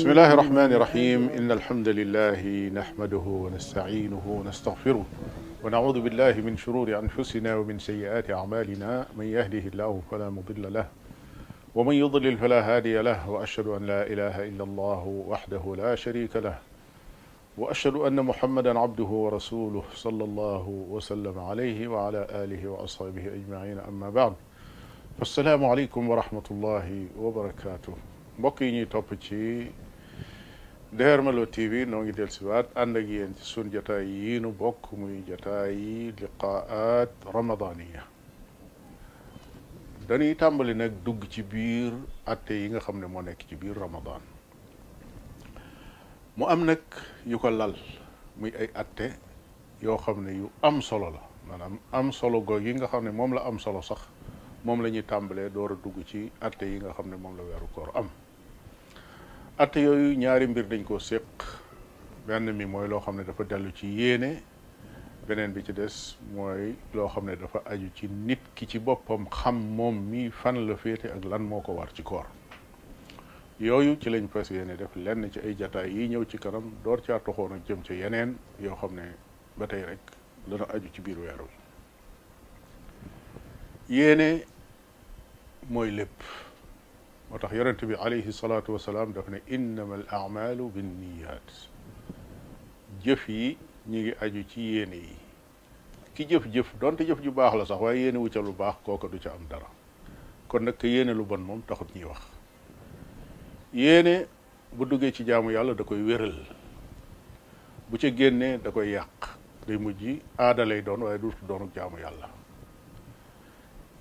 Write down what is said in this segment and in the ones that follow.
بسم الله الرحمن الرحيم إن الحمد لله نحمده ونستعينه ونستغفره ونعوذ بالله من شرور أنفسنا ومن سيئات أعمالنا من يهده الله فلا مضل له ومن يضلل فلا هادي له وأشهد أن لا إله إلا الله وحده لا شريك له وأشهد أن محمدا عبده ورسوله صلى الله وسلم عليه وعلى آله وأصحابه أجمعين أما بعد فالسلام عليكم ورحمة الله وبركاته mbokk yi ñuy topp ci Derrière Malo TV noo ngi dellusiwaat ànd ak yéen ci sunu jataay yi nu bokk muy jataay liqaat ramadaniya dañuy tàmbali nag dugg ci biir atte yi nga xam ne moo nekk ci biir ramadan mu am nag yu ko lal muy ay atte yoo xam ne yu am solo la maanaam am solo goog yi nga xam ne moom la am solo sax moom la ñuy tàmbalee door a dugg ci atte yi nga xam ne moom la weeru koor am at yooyu ñaari mbir dañ koo séq benn mi mooy loo xam ne dafa dellu ci yéene beneen bi ci des mooy loo xam ne dafa aju ci nit ki ci boppam xam moom mii fan la féete ak lan moo ko war ci koor yooyu ci lañ fas yéene def lenn ci ay jataay yi ñëw ci kanam door caa toxoon ak jëm ca yeneen yoo xam ne ba tey rek dana aju ci biir weer wi yéene mooy lépp moo tax yonent bi alayhi salaatu wasalaam daf ne innama al bi binniyat jëf yi ñu ngi aju ci yéene yi ki jëf-jëf donte jëf ju baax la sax waaye yéene wu ca lu baax kooka du ca am dara kon nag yéene lu bon moom taxut ñuy wax yéene bu duggee ci jaamu yàlla da koy wéral bu ca génnee da koy yàq day mujj aada doon waaye du doonu jaamu yàlla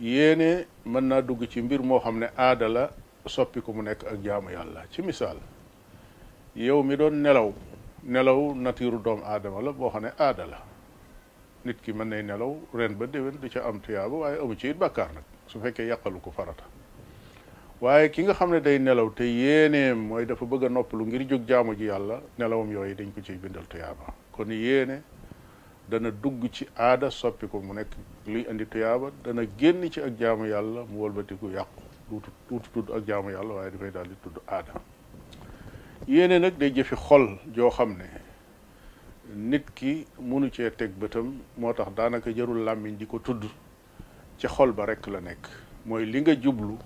yéene mën naa dugg ci mbir moo xam ne aadala soppi ko mu nekk ak jaamu yàlla ci misaal yow mi doon nelaw nelaw natiiru doom aadama la boo xam ne aada la nit ki mën nay nelaw ren ba déwén du ca am tuyaaba waaye amu ci it bàkkaar nag su fekkee yàqalu ko farata waaye ki nga xam ne day nelaw te yéeneem mooy dafa bëgg a noppalu ngir jóg jaamu ji yàlla nelawam yooyu dañ ko ciy bindal tuyaaba kon yéene dana dugg ci aada soppi ko mu nekk luy indi tuyaaba dana génn ci ak jaamu yàlla mu wëlbatiku yàqu duutu duutu tudd ak jaamu yàlla waaye dafay daal di tudd aada yéene nag day jëfi xol joo xam ne nit ki mënu cee teg bëtam moo tax daanaka jarul làmmiñ di ko tudd ci xol ba rekk la nekk mooy li nga jublu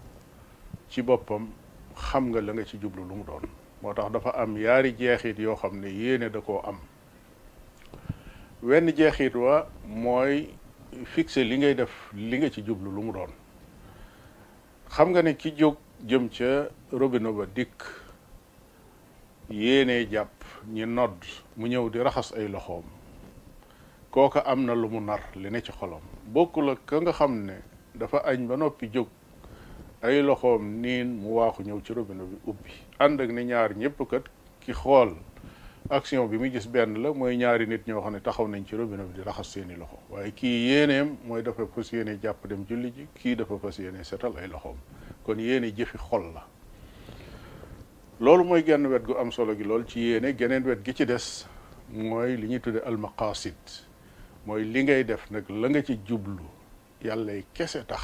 ci boppam xam nga la nga ci jublu lu mu doon moo tax dafa am yaari jeexit yoo xam ne yéene da koo am wenn jeexit wa mooy fixé li ngay def li nga ci jublu lu mu doon xam nga ni ki jóg jëm ca robinet ba dikk yéene jàpp ñi nodd mu ñëw di raxas ay loxoom kooka am na lu mu nar li ne ci xolom bokkul ak ka nga xam ne dafa añ ba noppi jóg ay loxoom niin mu waaxu ñëw ci robinet bi ubbi ànd ak ni ñaar ñépp kat ki xool action bi muy gis benn la mooy ñaari nit ñoo xam ne taxaw nañ ci robinet bi di raxas seeni loxo waaye kii yéeneem mooy dafa fas yéene jàpp dem julli ji kii dafa fas yéene setal ay loxoom kon yéene jëfi xol la loolu mooy genn wet gu am solo gi lool ci yéene geneen wet gi ci des mooy li ñuy tudde almaqasid mooy li ngay def nag la nga ci jublu yàllay kese tax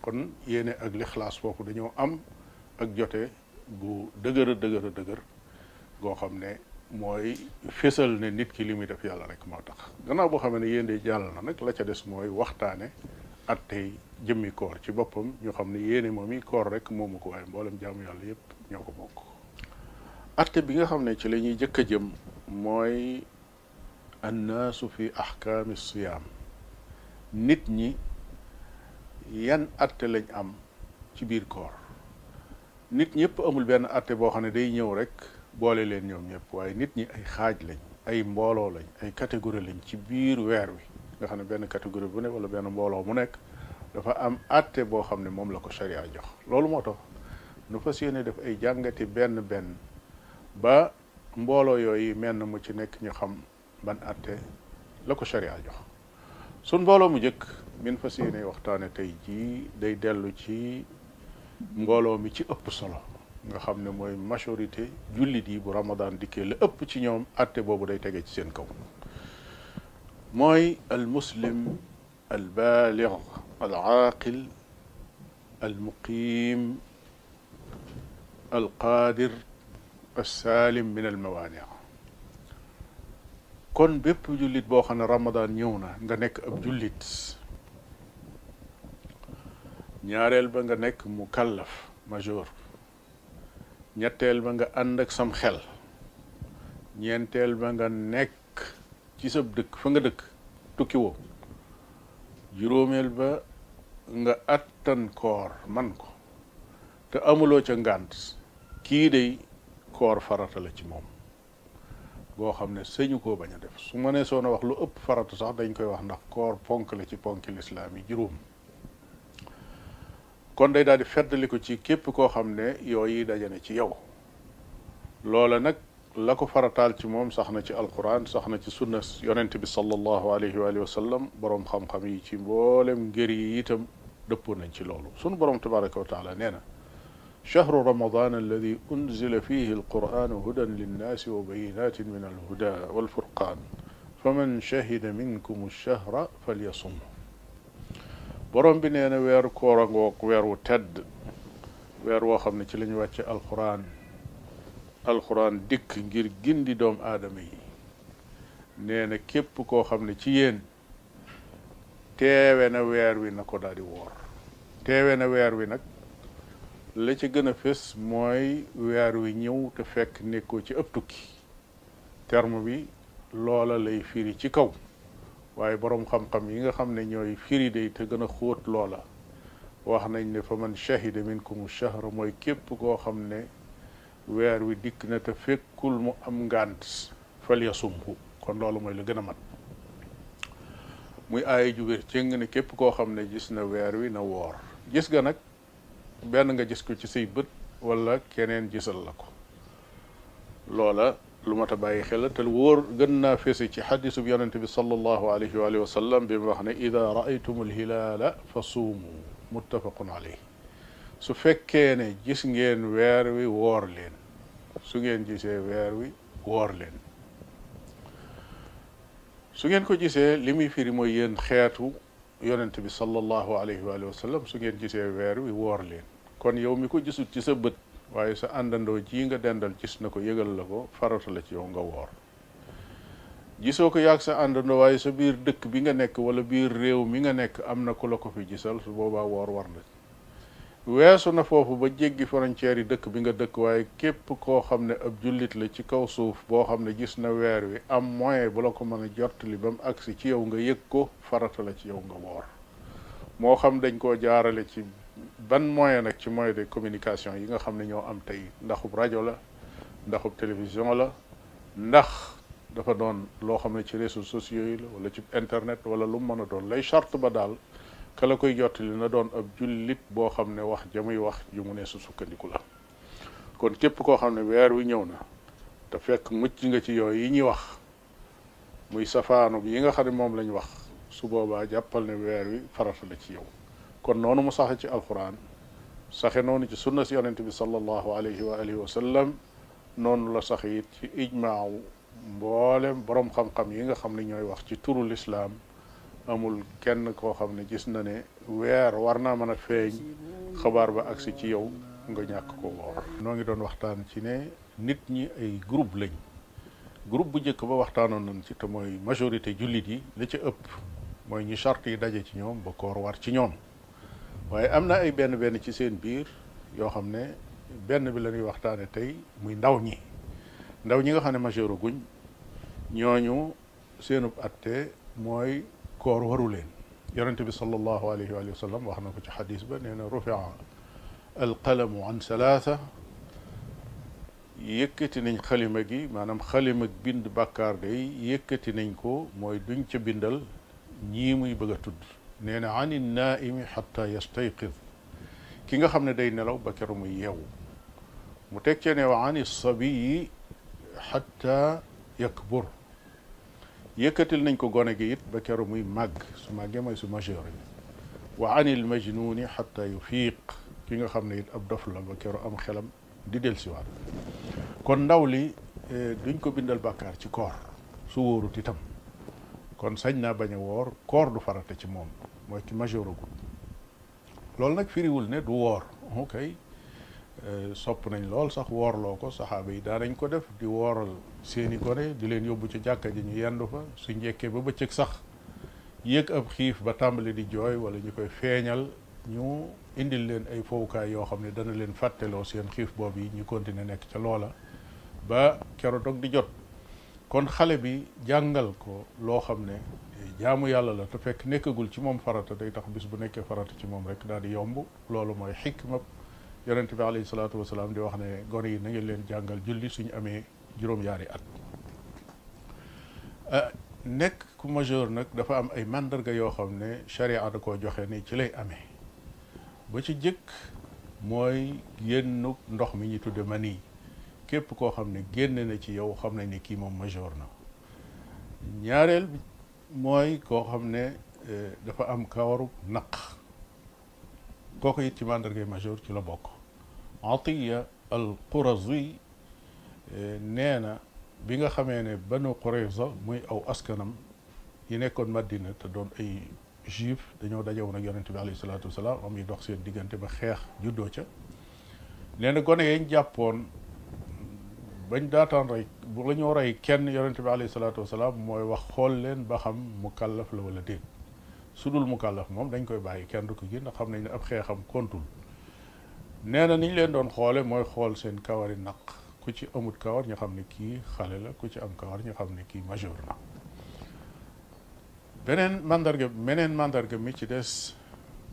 kon yéene ak lixlaas foofu dañoo am ak jote gu dëgër a dëgër a dëgër goo xam ne mooy fésal ne nit ki li muy def yàlla rek moo tax gannaaw boo xamee ne yéen de jàll na nag la ca des mooy waxtaane attey jëmmi koor ci boppam ñu xam ne yéene moom i koor rek moomu ko waaye mboolem jaamu yàlla yépp ñoo ko bokk atte bi nga xam ne ci lañuy jëkk a jëm mooy annaasu fi ahkaami siyaam nit ñi yan atte lañ am ci biir koor nit ñëpp amul benn atte boo xam ne day ñëw rek boole leen ñoom ñëpp waaye nit ñi ay xaaj lañ ay mbooloo lañ ay catégorie lañ ci biir weer wi nga xam ne benn catégorie bu ne wala benn mbooloo mu nekk dafa am àtte boo xam ne moom la ko sharia jox loolu moo tax nu fas yéene def ay jàngati benn benn ba mbooloo yooyu menn mu ci nekk ñu xam ban àtte la ko sharia jox sun mbooloo mu njëkk min fas yéene waxtaane tey jii day dellu ci mbooloo mi ci ëpp solo nga xam ne mooy majorité jullit yi bu ramadan dikkee la ëpp ci ñoom atte boobu day tege ci seen kaw mooy al muslim al baalig al aaqil al muqiim al saalim min al kon bépp jullit boo xam ne ramadan ñëw na nga nekk ab jullit ñaareel ba nga nekk mu mukallaf majeur ñetteel ba nga ànd ak sam xel ñeenteel ba nga nekk ci sa dëkk fa nga dëkk tukki woo juróomeel ba nga attan koor man ko te amuloo ca ngànt kii day koor farata la ci moom goo xam ne sëñu koo bañ a def su ma nee soon na wax lu ëpp farata sax dañ koy wax ndax koor ponk la ci ponki lislaam yi juróom kon day daal di feddali ko ci képp koo xam ne yooyu daje na ci yow loola nag la ko farataal ci moom sax na ci alquran sax na ci sunna yonent bi sallallahu alayhi wa sallam boroom xam-xam yi ci mboolem ngër yi itam dëppoo nañ ci loolu sunu boroom tabaraka wa taala nee na chahru ramadan alladi unzila fihi alquranu hudan linnaasi wa bayinatin min alhuda walfurqaan faman shahida minkum alchahra falyasum borom bi nee na weeru koor angoog weer wu tedd weer woo xam ne ci la ñu wàcce alxuraan alxuraan dikk ngir gindi doom aadama yi nee képp koo xam ne ci yéen teewe na weer wi na ko daal woor teewe na weer wi nag la ci gën a fés mooy weer wi ñëw te fekk nekkoo ci ëpp tukki terme bi loola lay firi ci kaw waaye boroom xam-xam yi nga xam ne ñooy firi day te gën a xóot loola wax nañ ne fa man ko mu shahra mooy képp koo xam ne weer wi dikk na te fekkul mu am ngànt fal yasumhu kon loolu mooy la gën a mat muy aaye ju wér cëng ne képp koo xam ne gis na weer wi na woor gis nga nag benn nga gis ko ci say bët walla keneen gisal la ko loola lu mat a bàyyi xel te wóor gën naa fese ci xadisu bi yonente bi sallallahu alayhi wa alihi wa sallam bi mu wax ne ida raaytum alhilaala fa suumu muttafaqun alayh su fekkee ne gis ngeen weer wi woor leen su ngeen gisee weer wi woor su ngeen ko gisee li muy firi mooy yéen xeetu yonente bi sallallahu alayhi wa alihi su ngeen gisee weer wi woor kon yow mi ko gisut ci sa bët waaye sa àndandoo ji nga dendal gis na ko yëgal la ko farata ci yow nga woor gisoo ko yàgg sa àndandoo waaye sa biir dëkk bi nga nekk wala biir réew mi nga nekk am na ku la ko fi gisal su boobaa woor war na weesu na foofu ba jéggi frontière yi dëkk bi nga dëkk waaye képp koo xam ne ab jullit la ci kaw suuf boo xam ne gis na weer wi am moyen bu la ko mën a jottali ba mu agsi ci yow nga yëg ko farata la ci yow nga woor moo xam dañ koo jaarale ci ban moyen nag ci moyen de communication yi nga xam ne ñoo am tey ndaxub rajo la ndaxub télévision la ndax dafa doon loo xam ne ci réseaux sociaux yi la wala ci internet wala lu mën a doon lay charte ba daal ka koy jottali na doon ab jullit boo xam ne wax jamuy wax ju mu ne su sukkandiku la kon képp koo xam ne weer wi ñëw na te fekk mucc nga ci yooyu yi ñuy wax muy safaanu bi yi nga xam ne moom lañu wax su boobaa jàppal ne weer wi farata la ci yow kon noonu mu saxe ci alquran saxe noonu ci sunna si yonent bi sallallahu alayhi wa alihi wa sallam noonu la sax it ci ijmaawu mboolem boroom xam-xam yi nga xam ne ñooy wax ci turu lislaam amul kenn koo xam ne gis na ne weer war naa mën a feeñ xabaar ba agsi ci yow nga ñàkk ko woor noo ngi doon waxtaan ci ne nit ñi ay groupe lañ groupe bu njëkk ba waxtaanoon nañ ci te mooy majorité jullit yi li ci ëpp mooy ñi charte yi daje ci ñoom ba koor war ci ñoom waaye am na ay benn benn ci seen biir yoo xam ne benn bi la ñuy waxtaane tey muy ndaw ñi ndaw ñi nga xam ne majeur guñ ñooñu seenub atte mooy koor waru leen yonente bi sallallahu alayhi wa sallam wax na ko ci xadis ba nee na rufia alqalamu an salaasa yëkkati nañ xalima gi maanaam xalima bind bàkkaar day yëkkati nañ ko mooy duñ ca bindal ñii muy bëgg a tudd nee na ani naaimi xatta yastayqid ki nga xam ne day nelaw ba keroog mu yeewu mu teg cee ne wa ani sabiyi xatta yakbur yëkkatil nañ ko gone gi it ba keroog muy màgg su màggee mooy su majeur wa ani l majnuni xatta yufiiq ki nga xam ne it ab dof la ba keroog am xelam di dellusiwaat kon ndaw li eh, duñ ko bindal bàkkaar ci koor su wóorut itam kon sañ naa bañ a woor koor du farata ci moom mooy ki majeuragul loolu nag firiwul ne du woor ok euh, sopp nañ lool sax woorloo ko saxaaba yi daanañ ko def di wooral seeni gone di leen yóbbu ci jàkka ja ñu yendu fa su njekkee ba bëccëg sax yëg ab xiif ba tàmbali di jooy wala ñu koy feeñal ñu indil leen ay fowukaay yoo xam ne dana leen fàtteloo seen xiif boob yi ñu continuer nekk ca loola ba keroog di jot kon xale bi jàngal ko loo xam ne eh, jaamu yàlla la te fekk nekkagul ci moom farata day tax bis bu nekkee farata ci moom rek daal di yomb loolu mooy xikma yonente bi alayhi salaatu wasalaam di wax ne gone yi na ngeen leen jàngal julli suñu amee juróom-yaari at eh, nekk ku majeur nag dafa am ay màndarga yoo xam ne charia da koo joxe ni ci lay amee ba ci jëkk mooy génnuk ndox mi ñu ma mani képp koo xam ne génn na ci yow xam nañ ne kii moom major na ñaareel mooy koo xam ne euh, dafa am kawaru naq kooku it ci mandargay major ci la bokk atiya al qurazi euh, nee na bi nga xamee ne banu qurayza muy aw askanam yi nekkoon madina te doon ay juif dañoo dajewoon ak yonente bi alayhi salaatu wasalaam am yi dox diggante ba xeex juddoo ca nee gone yañ jàppoon bañ daataan rey bu la ñoo rey kenn yonente bi alayhi salaatu mooy wax xool leen ba xam mukallaf la wala déet su dul mukallaf moom dañ koy bàyyi kenn du ko gi ndax xam nañ ne ab xeexam kontul nee na ni leen doon xoole mooy xool seen kawari naq ku ci amut kawar ñu xam ne kii xale la ku ci am kawar ñu xam ne kii majeur na beneen mandarga meneen mandarga mi ci des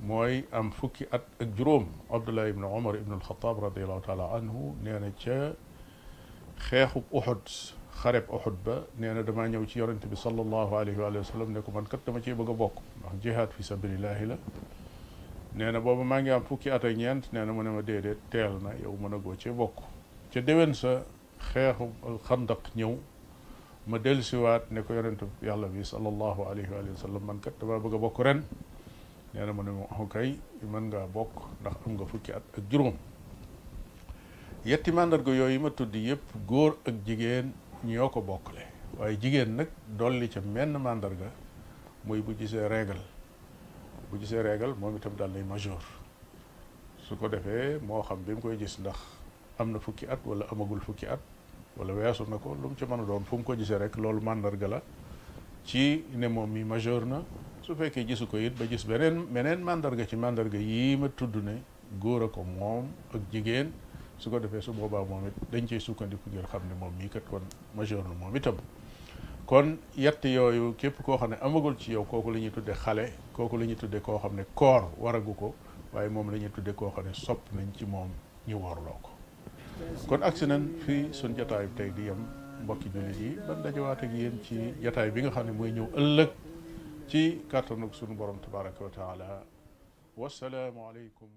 mooy am fukki at ak juróom abdullah ibnu omar ibnu alxataab radiallahu taala anhu nee ca xeexub Uhud xareb Uhud ba nee na damaa ñëw ci yonent bi sallallahu alayhi wa sallam ne ko man kat dama cee bëgg a bokk ndax jihaad fi sabilillahi la nee na booba maa ngi am fukki at ak ñeent nee na mu ne ma déedéet teel na yow mën a goo cee bokk ca déwén sa xeexub alxandaq ñëw ma dellusiwaat ne ko yonent yàlla bi sallallahu alayhi wa man kat damaa bëgg bokk ren nee na mu ne ma kay mën ngaa bokk ndax am nga fukki at ak juróom yetti màndarga yooyu ma tudd yëpp góor ak jigéen ñoo ko bokkale waaye jigéen nag dolli ca menn màndarga muy bu gisee règle bu gisee regal moom itam daal nay majeur su ko defee moo xam bi mu koy gis ndax am na fukki at wala amagul fukki at wala weesu na ko lu mu ci mën a doon fu mu ko gisee rek loolu màndarga la ci ne moom mi majeur na su fekkee gisu ko it ba gis beneen beneen màndarga ci màndarga yii ma tudd ne góor a ko moom ak jigéen su ko defee su boobaa moom it dañ cee sukkandiku ngir xam ne moom mii kat kon majeur na moom itam kon yett yooyu képp koo xam ne amagul ci yow kooku la ñuy tuddee xale kooku la ñuy tuddee koo xam ne koor waragu ko waaye moom la ñuy tuddee koo xam ne sopp nañ ci moom ñu woorloo ko kon agsi nan fii sun jataay tey di yem mbokki jullit yi ban dajawaat ak yéen ci jataay bi nga xam ne mooy ñëw ëllëg ci kàttanug sunu borom tabaraka wa taala wasalaamu